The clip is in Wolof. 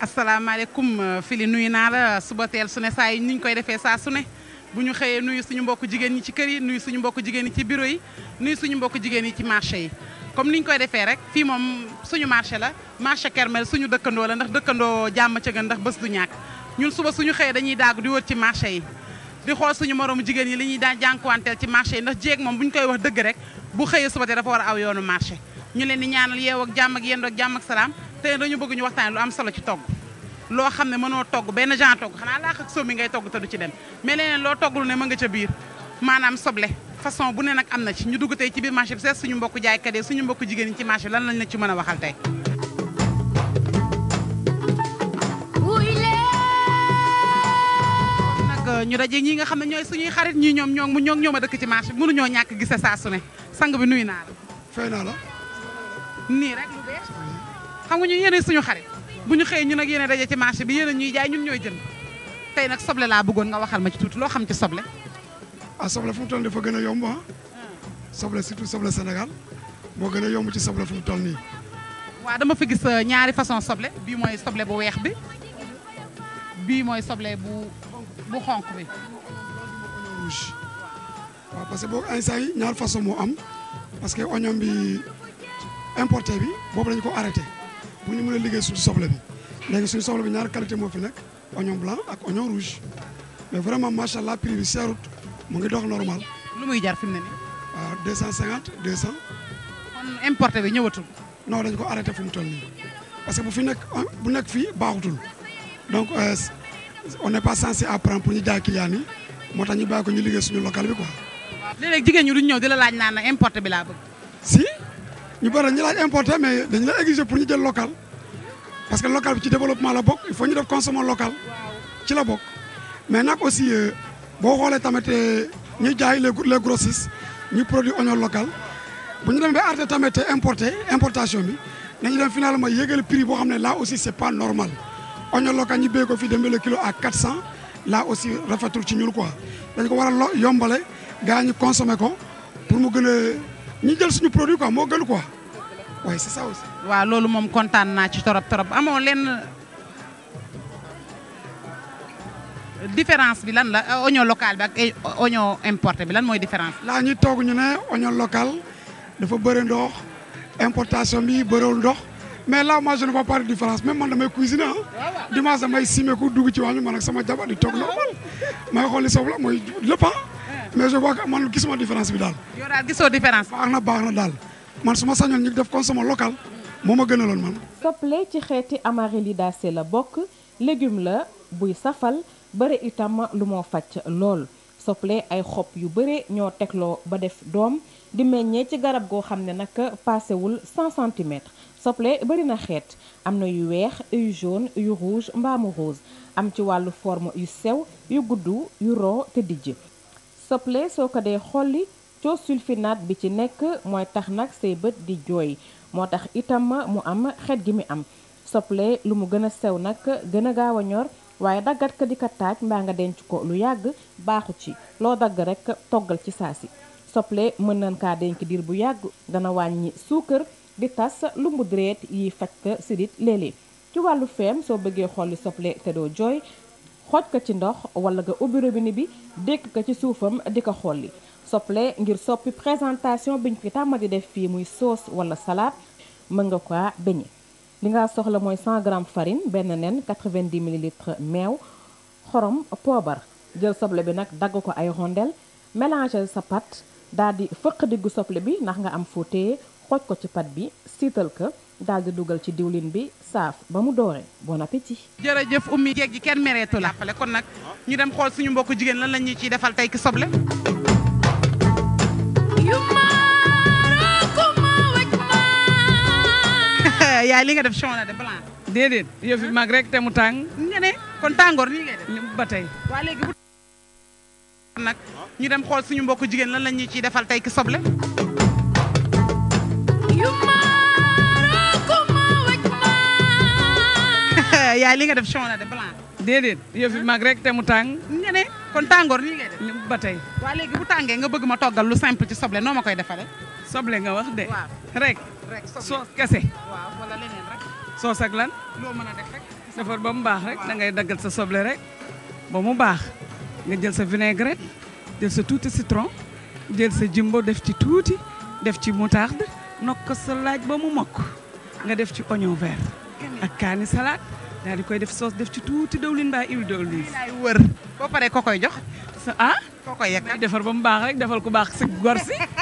asalaamaaleykum euh, fili nuyu naa la suba teel su ne saa yi ni ñu koy defee saa su ne bu ñu xëyee nuyu suñu mbokku jigéen ñi ci kër yi nuyu suñu mbokku jigéen ñi ci bureau yi nuyu suñu mbokku jigéen ñi ci marché yi comme ni ñu koy defee rek fii moom suñu marché la marché Kermel suñu dëkkandoo la ndax dëkkandoo jàmm ca ndax bés du ñàkk ñun suba suñu xëyee dañuy daagu di wër ci marché yi di xool suñu moroomu jigéen ñi li ñuy daan wanteel ci marché yi ndax jéeg moom bu ñu koy wax dëgg rek bu xëyee suba te dafa war aw yoonu marché ñu leen di ñaanal yeew ak jàmm ak yendoo ak te dañu bëgg ñu waxtaan lu am solo ci togg loo xam ne mënoo togg benn genre togg xanaa laax ak sommi ngay togg te du ci dem mais leneen loo togg lu ne mën nga ca biir maanaam soble façon bu ne nag am na ci ñu dugg tey ci biir marché bi seet suñu mbokku jaaykat yi suñu mbokku jigéen ñi ci marché la ci mën a waxal tey euh, ñu daje ñi nga xam ne ñooy suñuy xarit ñii ñoom ñoom mu ñoo ma dëkk ci marché bi ñoo ñàkk gise saa su ne sang bi nuyu naa la fay naa la nii rek xam nga ñun yéen suñu xarit bu ñu xëyee ñu nag yéen daje ci marché bi yéen ñuy jaay ñun ñooy jënd tey nag soble laa bëggoon nga waxal ma ci tuuti loo xam ci soble. Ah, soble fu mu toll dafa gën a yomb ah. soble surtout soble Sénégal moo gën a yomb ci soble fu mu toll nii. waa dama fi gis euh, ñaari façon soble bii mooy soble bu weex bi bii mooy soble bu bu xonq bi. parce que boo instant yi ñaar façon moo am parce que oignon bi importe bi boobu lañu ko arrêté. pour ñu mën a liggéey suñu soble bi léegi suñu soble bi ñaar qualité moo fi nekk oignon blanc ak oignon rouge mais vraiment macha allah prix bi seerut mu ngi dox normal. lu muy jar fi ne nii. waaw 250 200. kon importé bi ñëwatul. noo dañ ko arrêté fu mu toll nii parce que bu fi nekk ah, bu nekk fii baaxutul donc euh, on n'est pas censé apprendre pour ñu jaay client yi moo tax ñu bàyyi ko ñu liggéey suñu local bi quoi. waaw léeg-léeg jigéen ñi duñ ñëw di la laaj naan importé bi laa bëgg. ñu bari ñu laaj importé mais dañu la exiger pour ñu jël local parce que local bi ci développement la bokk il faut ñu def consommation local ci la bokk mais nag aussi euh, boo xoolee tamit euh, ñuy jaay les les grossistes ñu produit oignon local bu ñu demee ba arrêté tamit euh, importé importation bi nañu dem finalement yéegal prix boo xam ne la aussi c' est pas normal oignon local ñu béy ko fii demee le kilo à 400 là aussi rafetul ci ñun quoi dañ ko war a lo yombale gars ñu consommé ko pour mu gën a ñu jël suñu produit quoi moo gën quoi. waaye c'est ça aussi. waaw loolu moom kontaan naa ci torop torop amoon leen différence bi lan la oignon local bi ak oignon importé bi lan mooy différence. laa ñuy toog ñu ne oignon local dafa bëri ndox importation bi bëriwul ndox mais là moi je ne vois pas de différence même man damay cuisiner ah. dimanche damay simeeku dugg ci wàññi man ak sama jabar di toog normal may xool li soob la mooy lépp eh. mais je vois que man gisuma différence bi daal. yow daal gisoo différence. baax na baax na daal. man su ma sañoon ñu def consommé local moo ma gënaloon man. soble ci xeeti Amaryllidaceae la bokk légume la buy safal bëri itam lu moo faj lool soble ay xob yu bëre ñoo tegloo ba def doom di meññee ci garab goo xam ne nag paasewul 100 centimètres soble bëri na xeet am na yu weex yu jaune yu rouge mbaamu rose am ci wàllu forme yu sew yu gudd yu roo te dijj soble soo ko dee xolli thiosulfinate bi ci nekk mooy tax nag say bët di jooy moo tax itam mu am xet gi mi am soble lu mu gën a sew nag gën a gaaw a ñor waaye daggat ko di ko taaj mbaa nga denc ko lu yàgg baaxu ci loo dagg rekk toggal ci saa si soble mën nañ kaa denc diir bu yàgg dana wàññi suukar di tas lu mu deret yiy faj ko sidit léeg ci wàllu feem soo bëggee xolli soble te doo jooy xooj ko ci ndox walla nga ubbi robinet bi dékk ko ci suufam di ko xolli soble ngir soppi présentation biñ fi tàmm di def fii muy soos wala salade mën nga ko beñe li nga soxla mooy 100 grammes farine benn nen 90 millilitres meew xorom poobar jël soble bi nag dagg ko ay rondelles mélanger sa pâte daal di fëq diggu soble bi ndax nga am foo téye xooj ko ci pat bi siital ko daal di dugal ci diwlin bi saaf ba mu doore bon appétit. jërëjëf ummi jeeg ji kenn mereetu la. kon nag ñu dem xool suñu mbokku jigéen lan la ñu ciy defal tey ki soble. yaay li nga def chon de blanc. déedéet yëf yi mag rek te mu tàng. nga kon tàngoor nii ngay def. ba tey. waa léegi bu nag ñu dem xool suñu mbokku jigéen lan la ñu ciy defal tey ki soble. yaay li nga def chon na de blanc. déedéet yëf yi mag rek te mu tàng. nga kon tàngoor nii ngay ba tey. waa léegi bu tàngee nga bëgg ma toggal lu simple ci soble noo ma koy defaree. soble nga wax de. rek rek soos kese. waaw wala leneen lan. loo mën a def rek. defar ba mu baax rek da ngay daggal sa soble rek ba mu baax nga jël sa vinaigrette jël sa tuuti citron jël sa jumbo def ci tuuti def ci moutarde nokk sa laaj ba mu mokk nga def ci oignon vert ak kaani salade. daal di koy def sauce def ci tuuti dawlin mbaa huile d'olive. daay wër boo paree koo koy jox. ah. koo koy yegg defar ba mu baax rek defal ku baax si gor si.